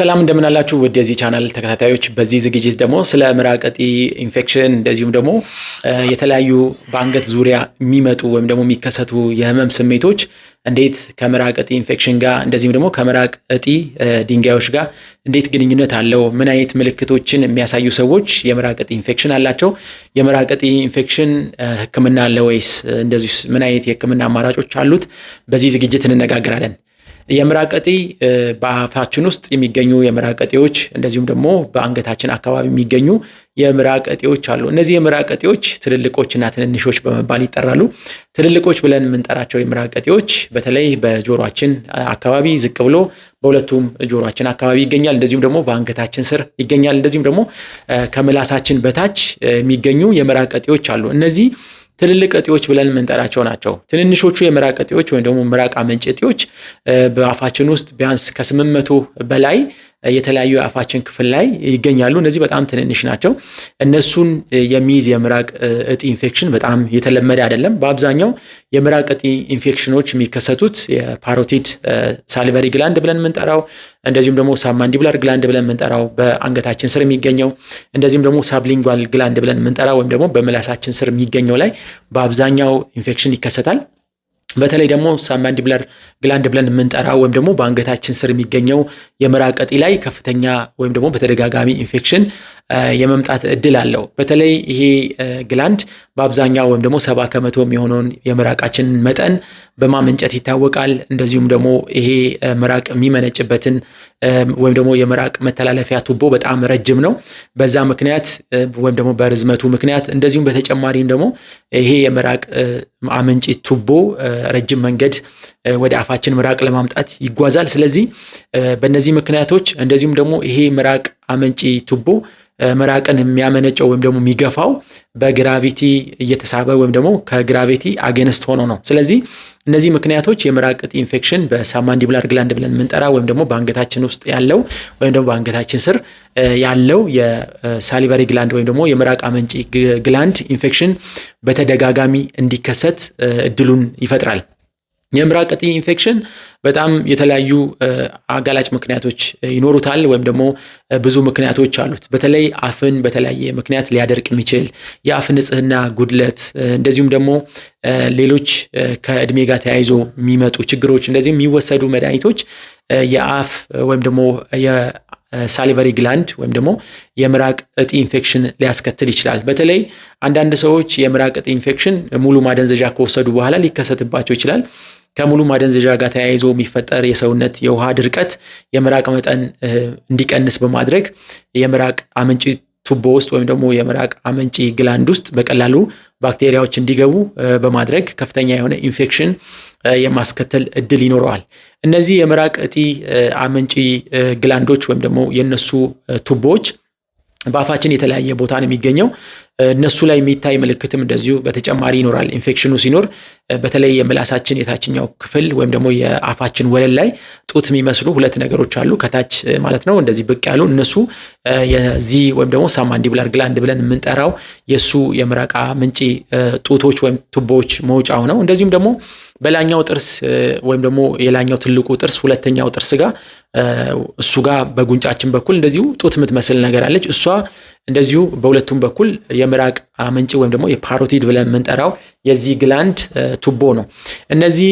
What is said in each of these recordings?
ሰላም እንደምናላችሁ ወደዚህ ቻናል ተከታታዮች፣ በዚህ ዝግጅት ደግሞ ስለ ምራቅ እጢ ኢንፌክሽን እንደዚሁም ደግሞ የተለያዩ በአንገት ዙሪያ የሚመጡ ወይም ደግሞ የሚከሰቱ የህመም ስሜቶች እንዴት ከምራቀጢ ኢንፌክሽን ጋር እንደዚሁም ደግሞ ከምራቀጢ ድንጋዮች ጋር እንዴት ግንኙነት አለው? ምን አይነት ምልክቶችን የሚያሳዩ ሰዎች የምራቅ ኢንፌክሽን አላቸው? የምራቀጢ ኢንፌክሽን ህክምና አለ ወይስ? እንደዚሁ ምን አይነት የህክምና አማራጮች አሉት? በዚህ ዝግጅት እንነጋገራለን። የምራቀጢ በአፋችን ውስጥ የሚገኙ የምራቀጢዎች እንደዚሁም ደግሞ በአንገታችን አካባቢ የሚገኙ የምራቀጢዎች አሉ። እነዚህ የምራቀጢዎች እና ትንንሾች በመባል ይጠራሉ። ትልልቆች ብለን የምንጠራቸው የምራቀጢዎች በተለይ በጆሯችን አካባቢ ዝቅ ብሎ በሁለቱም ጆሮችን አካባቢ ይገኛል። እንደዚሁም ደግሞ በአንገታችን ስር ይገኛል። እንደዚሁም ደግሞ ከምላሳችን በታች የሚገኙ የምራቀጢዎች አሉ። እነዚህ ትልልቅ እጢዎች ብለን የምንጠራቸው ናቸው። ትንንሾቹ የምራቅ እጢዎች ወይም ደግሞ ምራቅ አመንጭ እጢዎች በአፋችን ውስጥ ቢያንስ ከስምንት መቶ በላይ የተለያዩ የአፋችን ክፍል ላይ ይገኛሉ። እነዚህ በጣም ትንንሽ ናቸው። እነሱን የሚይዝ የምራቅ እጢ ኢንፌክሽን በጣም የተለመደ አይደለም። በአብዛኛው የምራቅ እጢ ኢንፌክሽኖች የሚከሰቱት የፓሮቲድ ሳሊቨሪ ግላንድ ብለን የምንጠራው እንደዚሁም ደግሞ ሳብማንዲቡላር ግላንድ ብለን የምንጠራው በአንገታችን ስር የሚገኘው እንደዚሁም ደግሞ ሳብሊንጓል ግላንድ ብለን የምንጠራው ወይም ደግሞ በምላሳችን ስር የሚገኘው ላይ በአብዛኛው ኢንፌክሽን ይከሰታል። በተለይ ደግሞ ሳብማንዲብላር ግላንድ ብለን የምንጠራው ወይም ደግሞ በአንገታችን ስር የሚገኘው የምራቅ ላይ ከፍተኛ ወይም ደግሞ በተደጋጋሚ ኢንፌክሽን የመምጣት እድል አለው። በተለይ ይሄ ግላንድ በአብዛኛው ወይም ደግሞ ሰባ ከመቶ የሚሆነውን የምራቃችን መጠን በማመንጨት ይታወቃል። እንደዚሁም ደግሞ ይሄ ምራቅ የሚመነጭበትን ወይም ደግሞ የምራቅ መተላለፊያ ቱቦ በጣም ረጅም ነው። በዛ ምክንያት ወይም ደግሞ በርዝመቱ ምክንያት እንደዚሁም በተጨማሪም ደግሞ ይሄ የምራቅ አመንጭ ቱቦ ረጅም መንገድ ወደ አፋችን ምራቅ ለማምጣት ይጓዛል። ስለዚህ በእነዚህ ምክንያቶች እንደዚሁም ደግሞ ይሄ ምራቅ አመንጪ ቱቦ ምራቅን የሚያመነጨው ወይም ደግሞ የሚገፋው በግራቪቲ እየተሳበ ወይም ደግሞ ከግራቪቲ አጌንስት ሆኖ ነው። ስለዚህ እነዚህ ምክንያቶች የምራቅ ኢንፌክሽን በሳብማንዲቡላር ግላንድ ብለን የምንጠራ ወይም ደግሞ በአንገታችን ውስጥ ያለው ወይም ደግሞ በአንገታችን ስር ያለው የሳሊቨሪ ግላንድ ወይም ደግሞ የምራቅ አመንጪ ግላንድ ኢንፌክሽን በተደጋጋሚ እንዲከሰት እድሉን ይፈጥራል። የምራቅ እጢ ኢንፌክሽን በጣም የተለያዩ አጋላጭ ምክንያቶች ይኖሩታል፣ ወይም ደግሞ ብዙ ምክንያቶች አሉት። በተለይ አፍን በተለያየ ምክንያት ሊያደርቅ የሚችል የአፍ ንጽህና ጉድለት፣ እንደዚሁም ደግሞ ሌሎች ከእድሜ ጋር ተያይዞ የሚመጡ ችግሮች፣ እንደዚሁም የሚወሰዱ መድኃኒቶች የአፍ ወይም ደግሞ ሳሊቨሪ ግላንድ ወይም ደግሞ የምራቅ እጢ ኢንፌክሽን ሊያስከትል ይችላል። በተለይ አንዳንድ ሰዎች የምራቅ እጢ ኢንፌክሽን ሙሉ ማደንዘዣ ከወሰዱ በኋላ ሊከሰትባቸው ይችላል። ከሙሉ ማደንዘዣ ጋር ተያይዞ የሚፈጠር የሰውነት የውሃ ድርቀት የምራቅ መጠን እንዲቀንስ በማድረግ የምራቅ አመንጪ ቱቦ ውስጥ ወይም ደግሞ የምራቅ አመንጪ ግላንድ ውስጥ በቀላሉ ባክቴሪያዎች እንዲገቡ በማድረግ ከፍተኛ የሆነ ኢንፌክሽን የማስከተል እድል ይኖረዋል። እነዚህ የምራቅ እጢ አመንጪ ግላንዶች ወይም ደግሞ የነሱ ቱቦዎች በአፋችን የተለያየ ቦታ ነው የሚገኘው። እነሱ ላይ የሚታይ ምልክትም እንደዚሁ በተጨማሪ ይኖራል። ኢንፌክሽኑ ሲኖር በተለይ የምላሳችን የታችኛው ክፍል ወይም ደግሞ የአፋችን ወለል ላይ ጡት የሚመስሉ ሁለት ነገሮች አሉ፣ ከታች ማለት ነው። እንደዚህ ብቅ ያሉ እነሱ የዚህ ወይም ደግሞ ሳብማንዲቡላር ግላንድ ብለን የምንጠራው የእሱ የምረቃ ምንጭ ጡቶች ወይም ቱቦዎች መውጫው ነው። እንደዚሁም ደግሞ በላኛው ጥርስ ወይም ደግሞ የላኛው ትልቁ ጥርስ ሁለተኛው ጥርስ ጋር እሱ ጋር በጉንጫችን በኩል እንደዚሁ ጡት የምትመስል ነገር አለች። እሷ እንደዚሁ በሁለቱም በኩል የምራቅ አመንጭ ወይም ደግሞ የፓሮቲድ ብለን የምንጠራው የዚህ ግላንድ ቱቦ ነው። እነዚህ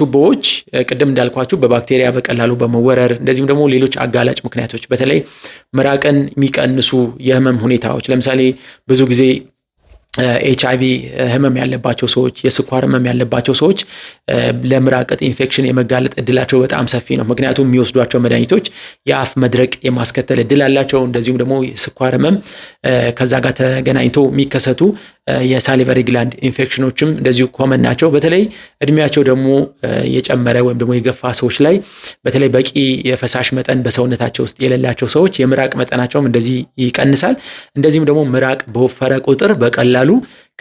ቱቦዎች ቅድም እንዳልኳችሁ በባክቴሪያ በቀላሉ በመወረር እንደዚሁም ደግሞ ሌሎች አጋላጭ ምክንያቶች በተለይ ምራቅን የሚቀንሱ የህመም ሁኔታዎች ለምሳሌ ብዙ ጊዜ ኤች አይቪ ህመም ያለባቸው ሰዎች የስኳር ህመም ያለባቸው ሰዎች ለምራቅጥ ኢንፌክሽን የመጋለጥ እድላቸው በጣም ሰፊ ነው። ምክንያቱም የሚወስዷቸው መድኃኒቶች የአፍ መድረቅ የማስከተል እድል አላቸው። እንደዚሁም ደግሞ የስኳር ህመም ከዛ ጋር ተገናኝቶ የሚከሰቱ የሳሊቨሪ ግላንድ ኢንፌክሽኖችም እንደዚሁ ኮመን ናቸው። በተለይ እድሜያቸው ደግሞ የጨመረ ወይም ደግሞ የገፋ ሰዎች ላይ በተለይ በቂ የፈሳሽ መጠን በሰውነታቸው ውስጥ የሌላቸው ሰዎች የምራቅ መጠናቸውም እንደዚህ ይቀንሳል። እንደዚሁም ደግሞ ምራቅ በወፈረ ቁጥር በቀላሉ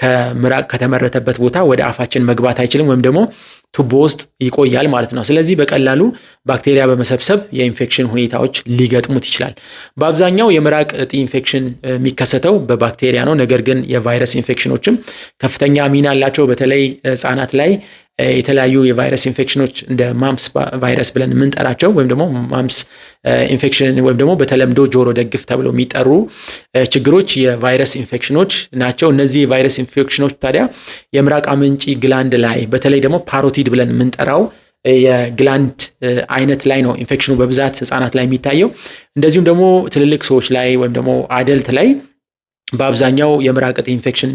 ከምራቅ ከተመረተበት ቦታ ወደ አፋችን መግባት አይችልም ወይም ደግሞ ቱቦ ውስጥ ይቆያል ማለት ነው። ስለዚህ በቀላሉ ባክቴሪያ በመሰብሰብ የኢንፌክሽን ሁኔታዎች ሊገጥሙት ይችላል። በአብዛኛው የምራቅ እጢ ኢንፌክሽን የሚከሰተው በባክቴሪያ ነው። ነገር ግን የቫይረስ ኢንፌክሽኖችም ከፍተኛ ሚና አላቸው። በተለይ ህጻናት ላይ የተለያዩ የቫይረስ ኢንፌክሽኖች እንደ ማምስ ቫይረስ ብለን የምንጠራቸው ወይም ደግሞ ማምስ ኢንፌክሽን ወይም ደግሞ በተለምዶ ጆሮ ደግፍ ተብለው የሚጠሩ ችግሮች የቫይረስ ኢንፌክሽኖች ናቸው። እነዚህ የቫይረስ ኢንፌክሽኖች ታዲያ የምራቅ አመንጪ ግላንድ ላይ በተለይ ደግሞ ፓሮቲድ ብለን የምንጠራው የግላንድ አይነት ላይ ነው ኢንፌክሽኑ በብዛት ህጻናት ላይ የሚታየው። እንደዚሁም ደግሞ ትልልቅ ሰዎች ላይ ወይም ደግሞ አደልት ላይ በአብዛኛው የምራቅ ኢንፌክሽን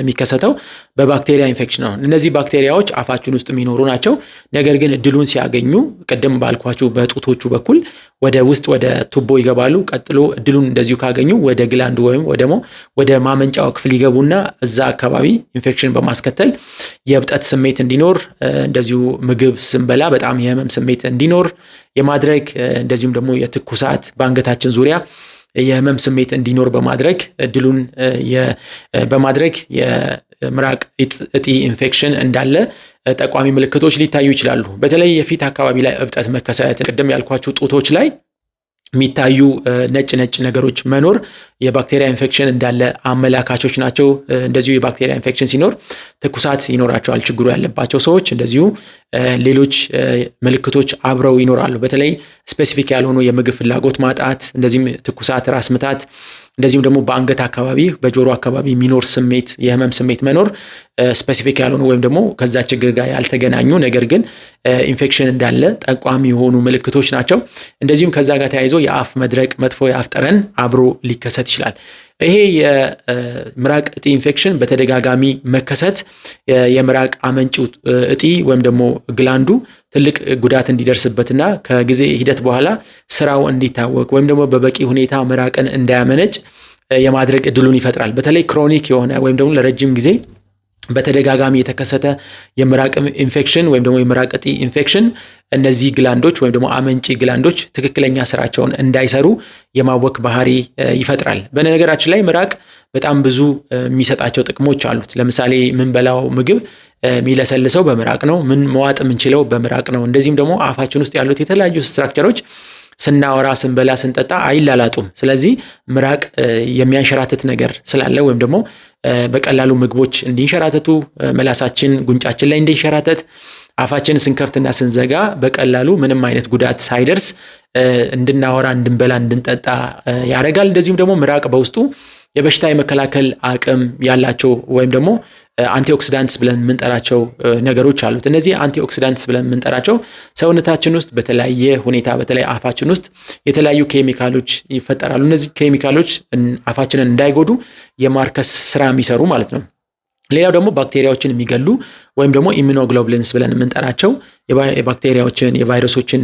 የሚከሰተው በባክቴሪያ ኢንፌክሽን ነው። እነዚህ ባክቴሪያዎች አፋችን ውስጥ የሚኖሩ ናቸው። ነገር ግን እድሉን ሲያገኙ ቅድም ባልኳችሁ በጡቶቹ በኩል ወደ ውስጥ ወደ ቱቦ ይገባሉ። ቀጥሎ እድሉን እንደዚሁ ካገኙ ወደ ግላንድ ወይም ደግሞ ወደ ማመንጫው ክፍል ይገቡና እዛ አካባቢ ኢንፌክሽን በማስከተል የእብጠት ስሜት እንዲኖር እንደዚሁ ምግብ ስንበላ በጣም የህመም ስሜት እንዲኖር የማድረግ እንደዚሁም ደግሞ የትኩሳት በአንገታችን ዙሪያ የህመም ስሜት እንዲኖር በማድረግ እድሉን በማድረግ የምራቅ እጢ ኢንፌክሽን እንዳለ ጠቋሚ ምልክቶች ሊታዩ ይችላሉ። በተለይ የፊት አካባቢ ላይ እብጠት መከሰት፣ ቅድም ያልኳችሁ ጡቶች ላይ የሚታዩ ነጭ ነጭ ነገሮች መኖር የባክቴሪያ ኢንፌክሽን እንዳለ አመላካቾች ናቸው። እንደዚሁ የባክቴሪያ ኢንፌክሽን ሲኖር ትኩሳት ይኖራቸዋል ችግሩ ያለባቸው ሰዎች። እንደዚሁ ሌሎች ምልክቶች አብረው ይኖራሉ። በተለይ ስፔሲፊክ ያልሆኑ የምግብ ፍላጎት ማጣት፣ እንደዚህም ትኩሳት፣ ራስ ምታት እንደዚሁም ደግሞ በአንገት አካባቢ በጆሮ አካባቢ የሚኖር ስሜት የህመም ስሜት መኖር ስፔሲፊክ ያልሆኑ ወይም ደግሞ ከዛ ችግር ጋር ያልተገናኙ ነገር ግን ኢንፌክሽን እንዳለ ጠቋሚ የሆኑ ምልክቶች ናቸው። እንደዚሁም ከዛ ጋር ተያይዞ የአፍ መድረቅ፣ መጥፎ የአፍ ጠረን አብሮ ሊከሰት ይችላል። ይሄ የምራቅ እጢ ኢንፌክሽን በተደጋጋሚ መከሰት የምራቅ አመንጭ እጢ ወይም ደግሞ ግላንዱ ትልቅ ጉዳት እንዲደርስበትና ከጊዜ ሂደት በኋላ ስራው እንዲታወቅ ወይም ደግሞ በበቂ ሁኔታ ምራቅን እንዳያመነጭ የማድረግ እድሉን ይፈጥራል። በተለይ ክሮኒክ የሆነ ወይም ደግሞ ለረጅም ጊዜ በተደጋጋሚ የተከሰተ የምራቅ ኢንፌክሽን ወይም ደግሞ የምራቅ እጢ ኢንፌክሽን እነዚህ ግላንዶች ወይም ደግሞ አመንጪ ግላንዶች ትክክለኛ ስራቸውን እንዳይሰሩ የማወክ ባህሪ ይፈጥራል። በነገራችን ላይ ምራቅ በጣም ብዙ የሚሰጣቸው ጥቅሞች አሉት። ለምሳሌ የምንበላው ምግብ የሚለሰልሰው በምራቅ ነው። ምን መዋጥ የምንችለው በምራቅ ነው። እንደዚህም ደግሞ አፋችን ውስጥ ያሉት የተለያዩ ስትራክቸሮች ስናወራ፣ ስንበላ፣ ስንጠጣ አይላላጡም። ስለዚህ ምራቅ የሚያንሸራትት ነገር ስላለ ወይም ደግሞ በቀላሉ ምግቦች እንዲንሸራተቱ መላሳችን፣ ጉንጫችን ላይ እንዲንሸራተት አፋችን ስንከፍትና ስንዘጋ በቀላሉ ምንም አይነት ጉዳት ሳይደርስ እንድናወራ፣ እንድንበላ፣ እንድንጠጣ ያደርጋል። እንደዚሁም ደግሞ ምራቅ በውስጡ የበሽታ የመከላከል አቅም ያላቸው ወይም ደግሞ አንቲኦክሲዳንትስ ብለን የምንጠራቸው ነገሮች አሉት። እነዚህ አንቲኦክሲዳንትስ ብለን የምንጠራቸው ሰውነታችን ውስጥ በተለያየ ሁኔታ በተለይ አፋችን ውስጥ የተለያዩ ኬሚካሎች ይፈጠራሉ። እነዚህ ኬሚካሎች አፋችንን እንዳይጎዱ የማርከስ ስራ የሚሰሩ ማለት ነው። ሌላው ደግሞ ባክቴሪያዎችን የሚገሉ ወይም ደግሞ ኢሚኖግሎብሊንስ ብለን የምንጠራቸው የባክቴሪያዎችን የቫይረሶችን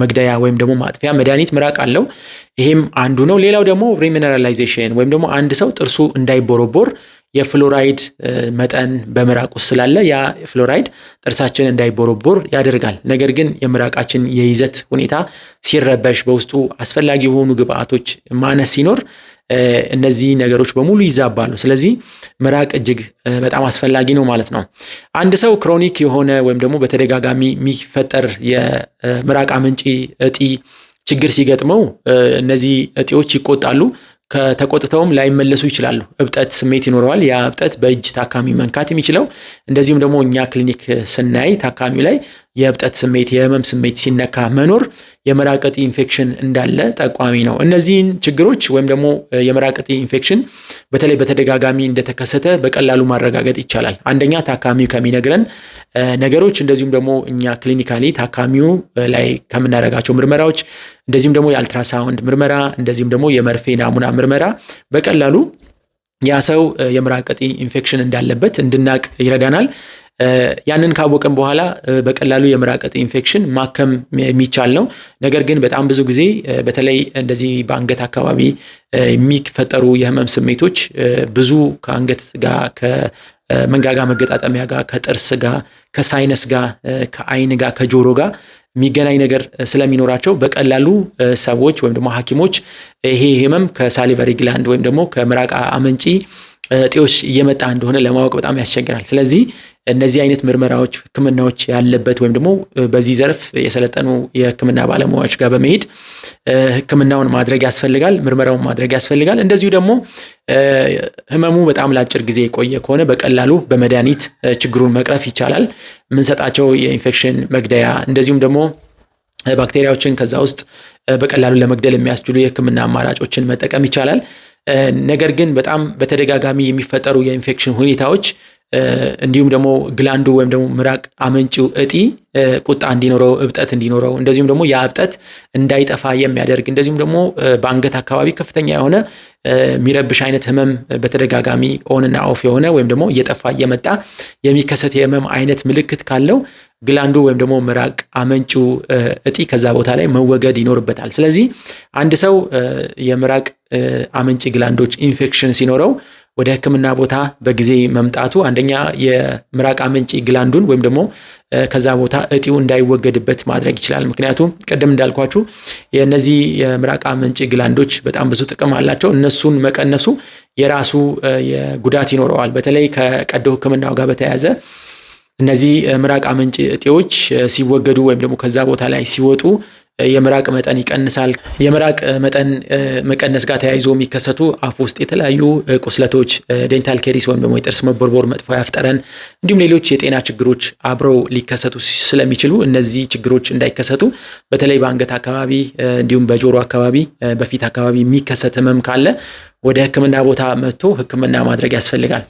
መግደያ ወይም ደግሞ ማጥፊያ መድኃኒት ምራቅ አለው። ይሄም አንዱ ነው። ሌላው ደግሞ ሪሚነራላይዜሽን ወይም ደግሞ አንድ ሰው ጥርሱ እንዳይቦረቦር የፍሎራይድ መጠን በምራቅ ውስጥ ስላለ ያ ፍሎራይድ ጥርሳችን እንዳይቦረቦር ያደርጋል። ነገር ግን የምራቃችን የይዘት ሁኔታ ሲረበሽ፣ በውስጡ አስፈላጊ የሆኑ ግብአቶች ማነስ ሲኖር እነዚህ ነገሮች በሙሉ ይዛባሉ። ስለዚህ ምራቅ እጅግ በጣም አስፈላጊ ነው ማለት ነው። አንድ ሰው ክሮኒክ የሆነ ወይም ደግሞ በተደጋጋሚ የሚፈጠር የምራቅ አመንጪ እጢ ችግር ሲገጥመው እነዚህ እጢዎች ይቆጣሉ። ከተቆጥተውም ላይመለሱ ይችላሉ። እብጠት ስሜት ይኖረዋል። ያ እብጠት በእጅ ታካሚ መንካት የሚችለው እንደዚሁም ደግሞ እኛ ክሊኒክ ስናይ ታካሚው ላይ የእብጠት ስሜት፣ የህመም ስሜት ሲነካ መኖር የመራቀጢ ኢንፌክሽን እንዳለ ጠቋሚ ነው። እነዚህን ችግሮች ወይም ደግሞ የመራቀጥ ኢንፌክሽን በተለይ በተደጋጋሚ እንደተከሰተ በቀላሉ ማረጋገጥ ይቻላል። አንደኛ ታካሚው ከሚነግረን ነገሮች እንደዚሁም ደግሞ እኛ ክሊኒካሊ ታካሚው ላይ ከምናደርጋቸው ምርመራዎች እንደዚሁም ደግሞ የአልትራሳውንድ ምርመራ እንደዚሁም ደግሞ የመርፌ ናሙና ምርመራ በቀላሉ ያ ሰው የምራቅ ኢንፌክሽን እንዳለበት እንድናቅ ይረዳናል። ያንን ካወቅን በኋላ በቀላሉ የምራቅ ኢንፌክሽን ማከም የሚቻል ነው። ነገር ግን በጣም ብዙ ጊዜ በተለይ እንደዚህ በአንገት አካባቢ የሚፈጠሩ የህመም ስሜቶች ብዙ ከአንገት ጋር መንጋጋ መገጣጠሚያ ጋር፣ ከጥርስ ጋር፣ ከሳይነስ ጋር፣ ከአይን ጋር፣ ከጆሮ ጋር የሚገናኝ ነገር ስለሚኖራቸው በቀላሉ ሰዎች ወይም ደግሞ ሐኪሞች ይሄ ህመም ከሳሊቨሪ ግላንድ ወይም ደግሞ ከምራቅ አመንጪ ጤዎች እየመጣ እንደሆነ ለማወቅ በጣም ያስቸግራል። ስለዚህ እነዚህ አይነት ምርመራዎች፣ ህክምናዎች ያለበት ወይም ደግሞ በዚህ ዘርፍ የሰለጠኑ የህክምና ባለሙያዎች ጋር በመሄድ ህክምናውን ማድረግ ያስፈልጋል። ምርመራውን ማድረግ ያስፈልጋል። እንደዚሁ ደግሞ ህመሙ በጣም ለአጭር ጊዜ የቆየ ከሆነ በቀላሉ በመድኃኒት ችግሩን መቅረፍ ይቻላል። የምንሰጣቸው የኢንፌክሽን መግደያ እንደዚሁም ደግሞ ባክቴሪያዎችን ከዛ ውስጥ በቀላሉ ለመግደል የሚያስችሉ የህክምና አማራጮችን መጠቀም ይቻላል። ነገር ግን በጣም በተደጋጋሚ የሚፈጠሩ የኢንፌክሽን ሁኔታዎች እንዲሁም ደግሞ ግላንዱ ወይም ደግሞ ምራቅ አመንጪው እጢ ቁጣ እንዲኖረው እብጠት እንዲኖረው እንደዚሁም ደግሞ ያ እብጠት እንዳይጠፋ የሚያደርግ እንደዚሁም ደግሞ በአንገት አካባቢ ከፍተኛ የሆነ የሚረብሽ አይነት ህመም በተደጋጋሚ ኦንና ኦፍ የሆነ ወይም ደግሞ እየጠፋ እየመጣ የሚከሰት የህመም አይነት ምልክት ካለው ግላንዱ ወይም ደግሞ ምራቅ አመንጪው እጢ ከዛ ቦታ ላይ መወገድ ይኖርበታል። ስለዚህ አንድ ሰው የምራቅ አመንጪ ግላንዶች ኢንፌክሽን ሲኖረው ወደ ህክምና ቦታ በጊዜ መምጣቱ አንደኛ የምራቅ አመንጪ ግላንዱን ወይም ደግሞ ከዛ ቦታ እጢው እንዳይወገድበት ማድረግ ይችላል። ምክንያቱም ቅድም እንዳልኳችሁ የእነዚህ የምራቅ አመንጪ ግላንዶች በጣም ብዙ ጥቅም አላቸው። እነሱን መቀነሱ የራሱ ጉዳት ይኖረዋል። በተለይ ከቀዶ ህክምና ጋር በተያያዘ እነዚህ ምራቅ አመንጪ እጢዎች ሲወገዱ ወይም ደግሞ ከዛ ቦታ ላይ ሲወጡ የምራቅ መጠን ይቀንሳል። የምራቅ መጠን መቀነስ ጋር ተያይዞ የሚከሰቱ አፍ ውስጥ የተለያዩ ቁስለቶች፣ ዴንታል ኬሪስ ወይም ደግሞ የጥርስ መቦርቦር፣ መጥፎ ያፍጠረን እንዲሁም ሌሎች የጤና ችግሮች አብረው ሊከሰቱ ስለሚችሉ እነዚህ ችግሮች እንዳይከሰቱ በተለይ በአንገት አካባቢ እንዲሁም በጆሮ አካባቢ፣ በፊት አካባቢ የሚከሰት ህመም ካለ ወደ ህክምና ቦታ መጥቶ ህክምና ማድረግ ያስፈልጋል።